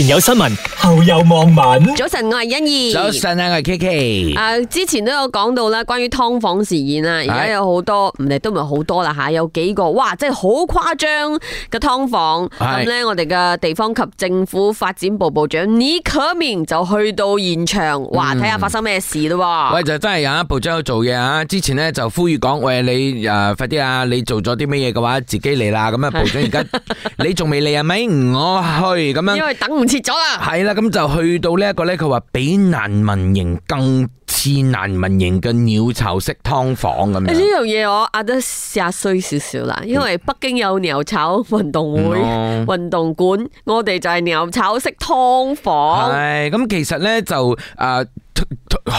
前有新聞，後有網民。早晨，我係欣怡。早晨，我係 Kiki 誒、啊，之前都有講到啦，關於劏房事件啊，而家有好多，唔理都唔係好多啦吓，有幾個哇，真係好誇張嘅劏房。咁咧、嗯，我哋嘅地方及政府發展部部長倪可敏就去到現場，話睇下發生咩事咯、嗯。喂，就真係有一部長有做嘢啊！之前呢，就呼籲講、嗯，喂你誒、呃，快啲啊，你做咗啲咩嘢嘅話，自己嚟啦。咁啊，部長而家你仲未嚟啊，咪？ 我去咁樣，因為等撤咗啦，係啦，咁就去到呢、這、一個咧，佢話比難民營更似難民營嘅鳥巢式劏房咁、嗯、樣。呢樣嘢我阿得食衰少少啦，因為北京有鳥巢運動會、運、嗯啊、動館，我哋就係鳥巢式劏房。係，咁其實呢，就誒。呃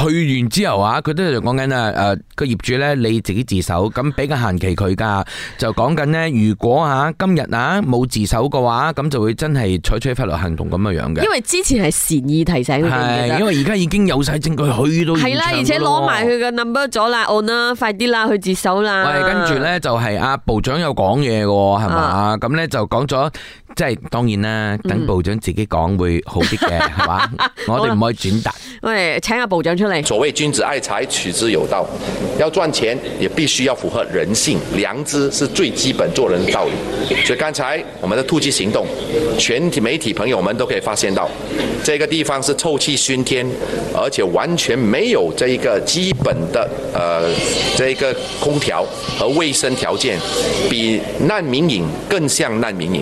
去完之後啊，佢都就講緊啦，誒個業主咧，你自己自首，咁俾個限期佢噶，就講緊咧，如果吓今日啊冇自首嘅話，咁就會真係採取法律行動咁嘅樣嘅。因為之前係善意提醒佢，係因為而家已經有晒證據，去到現場，係啦，而且攞埋佢嘅 number 咗啦，我啦，快啲啦，去自首啦。喂，跟住咧就係阿部長有講嘢嘅，係嘛，咁咧就講咗，即係當然啦，等部長自己講會好啲嘅，係嘛，我哋唔可以轉達。喂，請部長出來。所謂君子愛財，取之有道。要賺錢，也必須要符合人性良知，是最基本做人的道理。所以剛才我們的突擊行動，全體媒體朋友們都可以發現到，這個地方是臭氣熏天，而且完全沒有這一個基本的，呃，這一個空調和衛生條件，比難民營更像難民營。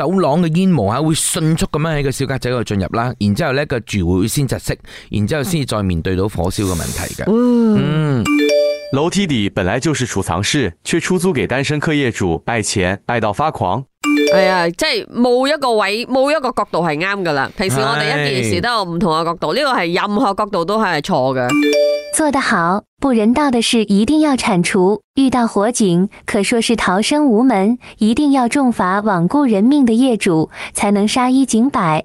走廊嘅煙霧啊，會迅速咁樣喺個小格仔度進入啦，然之後呢個住會先窒息，然之後先至再面對到火燒嘅問題嘅。嗯，樓梯底本來就是儲藏室，卻出租給單身客業主，愛錢愛到發狂。係、哎、啊，即係冇一個位，冇一個角度係啱㗎啦。平時我哋一件事都有唔同嘅角度，呢、這個係任何角度都係錯嘅。做得好，不人道的事一定要鏟除。遇到火警，可說是逃生無門，一定要重罰罔顧人命的業主，才能殺一儆百。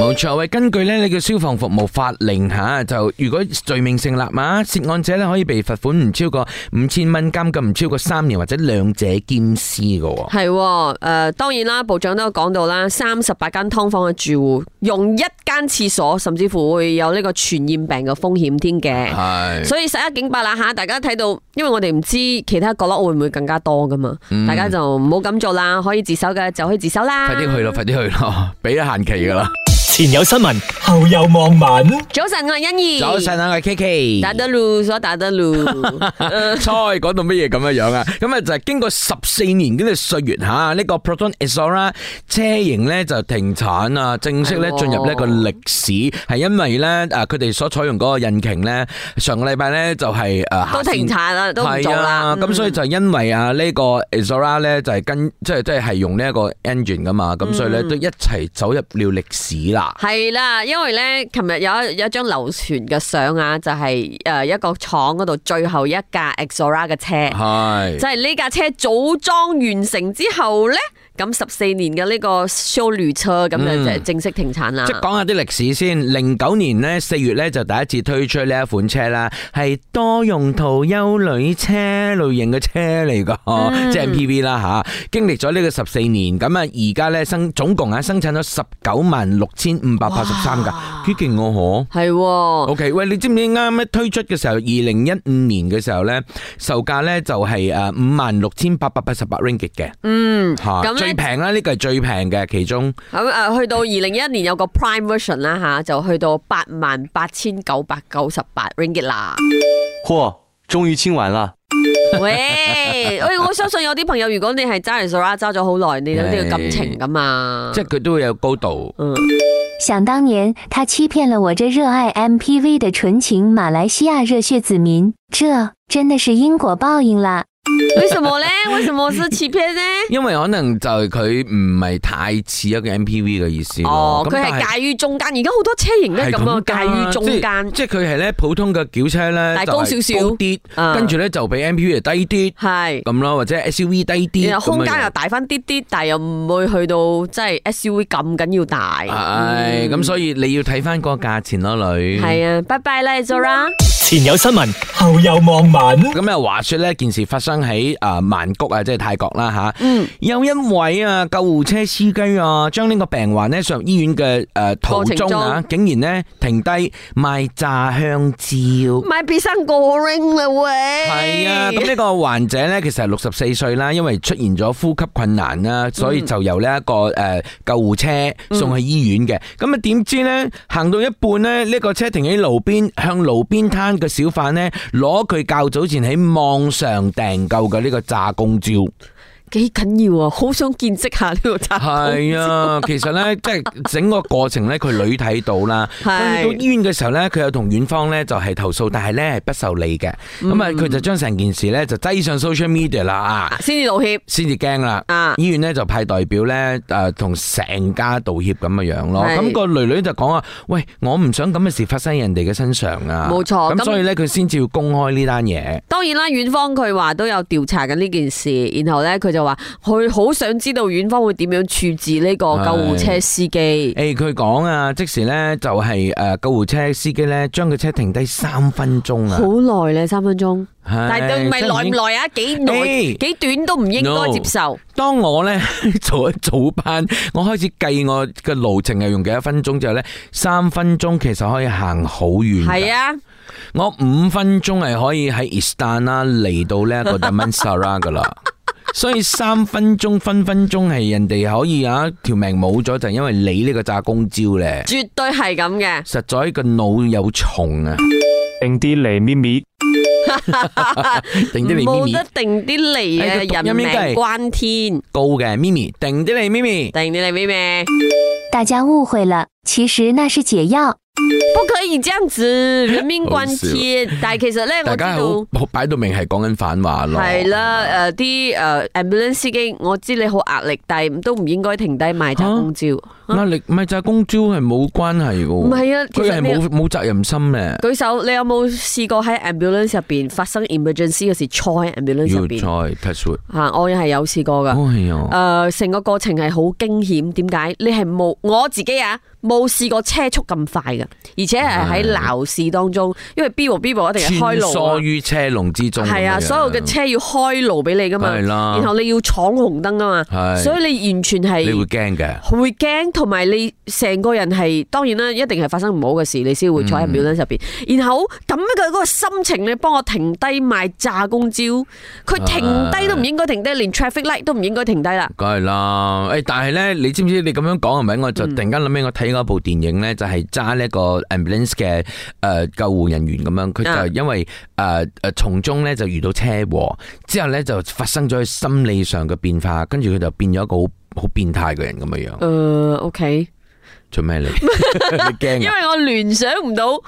冇錯喂，根據咧你嘅消防服務法令吓，就如果罪名成立嘛，涉案者咧可以被罰款唔超過五千蚊，監禁唔超過三年或者兩者兼施嘅。係誒、呃，當然啦，部長都有講到啦，三十八間劏房嘅住戶用一間廁所，甚至乎會有呢個傳染病嘅風險添嘅。係，所以十一警八啦吓，大家睇到，因為我哋唔知其他角落會唔會更加多噶嘛、嗯，大家就唔好咁做啦，可以自首嘅就可以自首啦，快啲去咯，快啲去咯，俾咗限期噶啦。前有新聞，後有網民。早晨，我係欣兒。早晨啊，我係 KK。打得路，所打得路。猜講到乜嘢咁嘅樣啊？咁啊，就係經過十四年嗰啲歲月吓，呢個 Proton Exora 車型咧就停產啊，正式咧進入呢個歷史。係因為咧啊，佢哋所採用嗰個引擎咧，上個禮拜咧就係誒都停產啦，都係啊，咁所以就因為啊呢個 Exora 咧就係跟即係即係係用呢一個 engine 噶嘛，咁所以咧都一齊走入了歷史啦。係啦，因為咧，琴日有一有一張流傳嘅相啊，就係誒一個廠嗰度最後一架 Exora 嘅車，係就係呢架車組裝完成之後咧。咁十四年嘅呢個休旅車咁就就正式停產啦。即係講下啲歷史先。零九年咧四月咧就第一次推出呢一款車啦，係多用途休旅車類型嘅車嚟㗎，即係 M P V 啦吓。經歷咗呢個十四年，咁啊而家咧生總共啊生產咗十九萬六千五百八十三架。哇！幾勁我，係喎，OK？喂，你知唔知啱啱推出嘅時候，二零一五年嘅時候咧，售價咧就係誒五萬六千八百八十八 ringgit 嘅。嗯，吓咁。最平啦，呢個係最平嘅其中。咁、嗯、誒、呃，去到二零一一年有個 Prime Version 啦、啊、吓，就去到八萬八千九百九十八 Ringgit 啦。哇，終於簽完啦！喂，誒，我相信有啲朋友，如果你係揸尼蘇拉揸咗好耐，你有呢個感情噶嘛？即係佢都會有高度。嗯，想當年，他欺騙了我這熱愛 MPV 的純情馬來西亞熱血子民，這真的是因果報應啦！為什麼咧？為什麼是切片咧？因為可能就係佢唔係太似一個 MPV 嘅意思咯。哦，佢係介於中間，而家好多車型都係咁啊。介於中間，即係佢係咧普通嘅轎車咧，高少少，高啲，跟住咧就比 MPV 低啲，係咁咯，或者 SUV 低啲，空間又大翻啲啲，但係又唔會去到即係 SUV 咁緊要大。係咁，所以你要睇翻個價錢咯，女。係啊，拜拜啦，Zara。前有新聞，後有網民。咁啊，話說咧，件事發生。喺啊曼谷是、嗯、啊，即係泰國啦吓，有一位啊救護車司機啊，將呢個病患，呢上醫院嘅誒途中啊，竟然呢停低賣炸香蕉，賣 b i c y c 喂，係啊，咁呢個患者咧其實係六十四歲啦，因為出現咗呼吸困難啦，所以就由呢一個誒救護車送去醫院嘅，咁啊點知咧行到一半咧，呢、這個車停喺路邊，向路邊攤嘅小販咧攞佢較早前喺網上訂。夠嘅呢個炸公招。幾緊要啊！好想見識下呢個係啊！其實咧，即 係整個過程咧，佢女睇到啦。到醫院嘅時候咧，佢又同院方咧就係、是、投訴，但係咧係不受理嘅。咁、嗯、啊，佢就將成件事咧就擠上 social media 啦、嗯嗯、啊！先至道歉，先至驚啦。醫院咧就派代表咧誒，同、啊、成家道歉咁嘅樣咯。咁個女女就講啊，喂，我唔想咁嘅事發生喺人哋嘅身上啊！冇錯。咁、啊、所以咧，佢先至要公開呢單嘢。當然啦，院方佢話都有調查緊呢件事，然後咧佢就。話佢好想知道院方會點樣處置呢個救護車司機？誒，佢講啊，即時咧就係誒救護車司機咧將個車停低三分鐘啦。好耐咧，三分鐘，但係對唔係耐唔耐啊？幾耐？幾短都唔應該接受。當我咧做一早班，我開始計我嘅路程係用幾多分鐘之後咧，三分鐘其實可以行好遠。係啊，我五分鐘係可以喺 Istana 嚟到呢一個 Damansara 噶啦。所以三分鐘，分分鐘係人哋可以啊，條命冇咗就因為你呢個炸公招咧，絕對係咁嘅。實在個腦有蟲啊，定啲嚟咪咪，定啲嚟咪咪，冇得定啲嚟啊！人命關天，高嘅咪咪，定啲嚟咪咪，定啲嚟咪咪。大家誤會啦，其實那是解藥。不可以這樣子，人命關天。但係其實咧，大家好擺到明係講緊反話咯。係啦，誒啲誒 ambulance 司機，我知你好壓力，但係都唔應該停低賣紮公招。壓力咪就係公招係冇關係嘅。唔係啊，佢係冇冇責任心咧。舉手，你有冇試過喺 ambulance 入邊發生 emergency 嗰時坐 ambulance 入邊？坐 touchwood 啊、我係有試過噶。誒、oh, 啊，成、呃、個過程係好驚險。點解？你係冇我自己啊？冇試過車速咁快嘅，而且係喺鬧市當中，因為 Bible Bible 一定係開路啊。穿梭於車龍之中。係啊，所有嘅車要開路俾你噶嘛。係啦。然後你要闖紅燈啊嘛。係。所以你完全係你會驚嘅。會驚，同埋你成個人係，當然啦，一定係發生唔好嘅事，你先會坐喺秒燈入邊。然後咁樣嘅嗰個心情，你幫我停低賣炸公招，佢停低都唔應該停低，連 traffic light 都唔應該停低啦。梗係啦，誒，但係呢，你知唔知你咁樣講係咪？我就突然間諗起我睇。嗰部電影咧就係揸呢個 ambulance 嘅誒救護人員咁樣，佢就因為誒誒從中咧就遇到車禍之後咧就發生咗心理上嘅變化，跟住佢就變咗一個好好變態嘅人咁嘅樣。誒、uh，OK，做咩嚟？驚 怕、啊？ 因為我聯想唔到。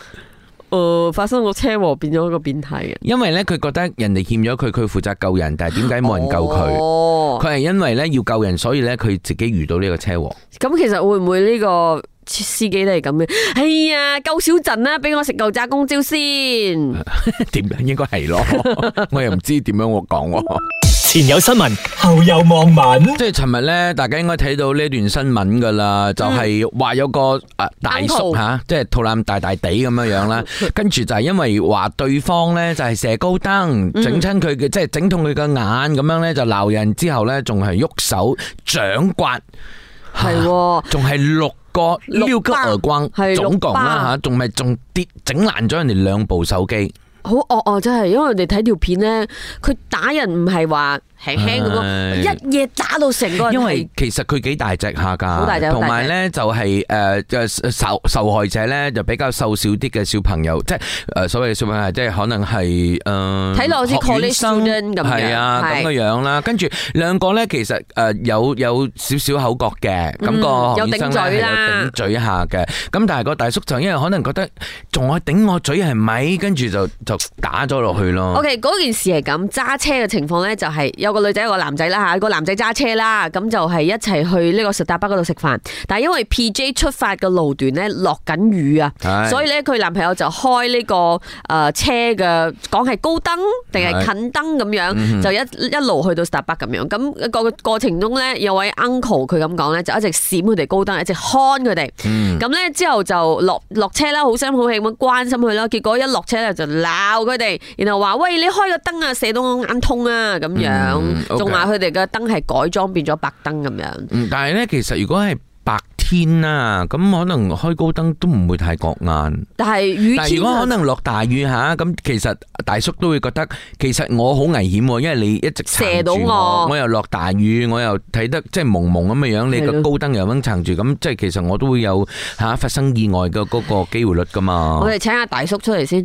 哦、發生個車禍變咗一個變態啊！因為咧，佢覺得人哋欠咗佢，佢負責救人，但係點解冇人救佢？佢、哦、係因為咧要救人，所以咧佢自己遇到呢個車禍。咁、嗯、其實會唔會呢個司機都係咁嘅？哎呀，救小陣啦，俾我食舊炸公椒先。點樣 應該係咯？我又唔知點樣我講。 前有新聞，後有網民。即係尋日咧，大家應該睇到呢段新聞噶啦、嗯，就係、是、話有個大叔吓，即、嗯、係、啊就是、肚腩大大地咁樣樣啦。 跟住就係因為話對方咧，就係、是、射高燈，整親佢嘅，即係整痛佢個眼咁樣咧，就鬧人之後咧，仲係喐手掌摑，係、啊，仲係、哦、六個撩吉耳光，係總共啦吓，仲咪仲跌整爛咗人哋兩部手機。好惡啊，真係因為我哋睇條片咧，佢打人唔係話輕嘅喎，一夜打到成個。因為其實佢幾大隻下噶，同埋咧就係誒誒受受害者咧就比較瘦小啲嘅小朋友，即係誒所謂嘅小朋友，即係可能係誒。睇落好似學院生咁，係啊咁嘅樣啦。跟住兩個咧，其實誒有有少少口角嘅，咁個學院生咧係有頂嘴下嘅。咁但係個大叔就因為可能覺得仲我頂我嘴係咪？跟住就就打咗落去咯。O K，嗰件事係咁揸車嘅情況咧，就係有。一個女仔個男仔啦吓，個男仔揸車啦，咁就係一齊去呢個 Starbucks 嗰度食飯。但係因為 P.J. 出發嘅路段咧落緊雨啊，所以咧佢男朋友就開呢個誒車嘅，講係高燈定係近燈咁樣，嗯、就一一路去到 Starbucks 咁樣。咁、那個過程中咧，有位 uncle 佢咁講咧，就一直閃佢哋高燈，一直看佢哋。咁、嗯、咧之後就落落車啦，好聲好氣咁關心佢啦。結果一落車咧就鬧佢哋，然後話，喂，你開個燈啊，射到我眼痛啊！咁樣。嗯同埋佢哋嘅燈係改裝變咗白燈咁樣，但係咧其實如果係白天啊，咁可能開高燈都唔會太覺眼。但係雨天，如果可能落大雨吓，咁其實大叔都會覺得，其實我好危險，因為你一直射到我，我又落大雨，我又睇得即係矇矇咁嘅樣，你個高燈又咁撐住，咁即係其實我都會有吓發生意外嘅嗰個機會率噶嘛。我哋請阿大叔出嚟先。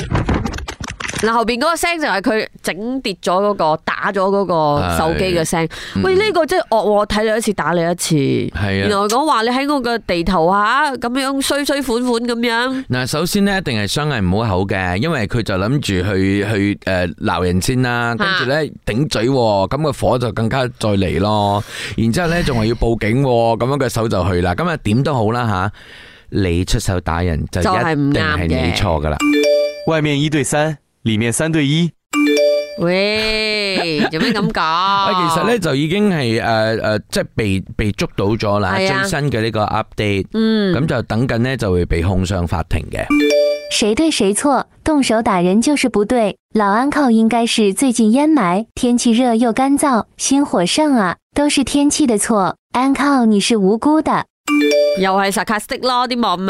嗱，後邊嗰個聲就係佢整跌咗嗰個打咗嗰個手機嘅聲。喂，呢個真係惡，睇你一次打你一次，原來講話你喺我嘅地頭下，咁樣衰衰款款咁樣。嗱，首先呢，一定係傷係唔好口嘅，因為佢就諗住去去誒鬧、呃、人先啦，跟住咧頂嘴，咁個火就更加再嚟咯。然之後咧仲係要報警，咁樣個手就去啦。咁啊點都好啦吓，你出手打人就一定係你錯噶啦。就是，外面一對身。裏面三對一，喂，有咩咁講？ 其實呢，就已經係誒誒，即係被被捉到咗啦，啊，最新嘅呢個 update，嗯，咁就等緊呢，就會被控上法庭嘅。誰對誰錯？動手打人就是不對。老 Uncle 應該是最近煙霾，天氣熱又乾燥，心火盛啊，都是天氣的錯。Uncle 你是無辜的。又係實 cast 咯，啲網民，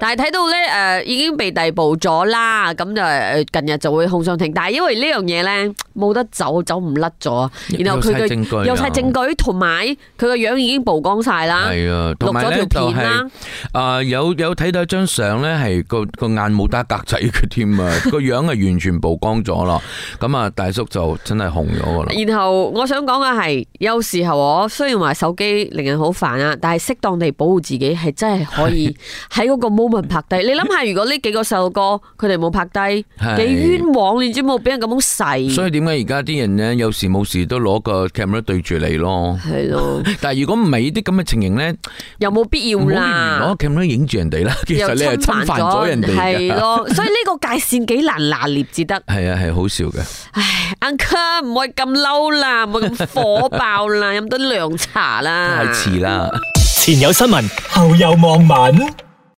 但係睇到咧誒，已經被逮捕咗啦，咁就近日就會控上庭。但係因為呢樣嘢咧，冇得走，走唔甩咗，然後佢嘅有晒證據，同埋佢個樣已經曝光晒啦。係啊，錄咗條片啦。啊，有有睇到一張相咧，係個個眼冇得格仔嘅添啊，個樣係完全曝光咗啦。咁啊，大叔就真係紅咗噶啦。然後我想講嘅係，有時候我雖然話手機令人好煩啊。但係適當地保護自己係真係可以喺嗰個 moment 拍低。你諗下，如果呢幾個細路哥佢哋冇拍低，幾冤枉？你知冇，俾人咁樣細。所以點解而家啲人咧有事冇事都攞個 camera 對住你咯？係咯。但係如果唔係呢啲咁嘅情形咧，又冇必要啦。攞 camera 影住人哋啦，其實你係侵犯咗人哋。係咯。所以呢個界線幾難拿捏至得。係啊，係好笑嘅。唉，Uncle 唔可以咁嬲啦，唔好咁火爆啦，飲多涼茶啦。太遲啦。前有新聞後有網民。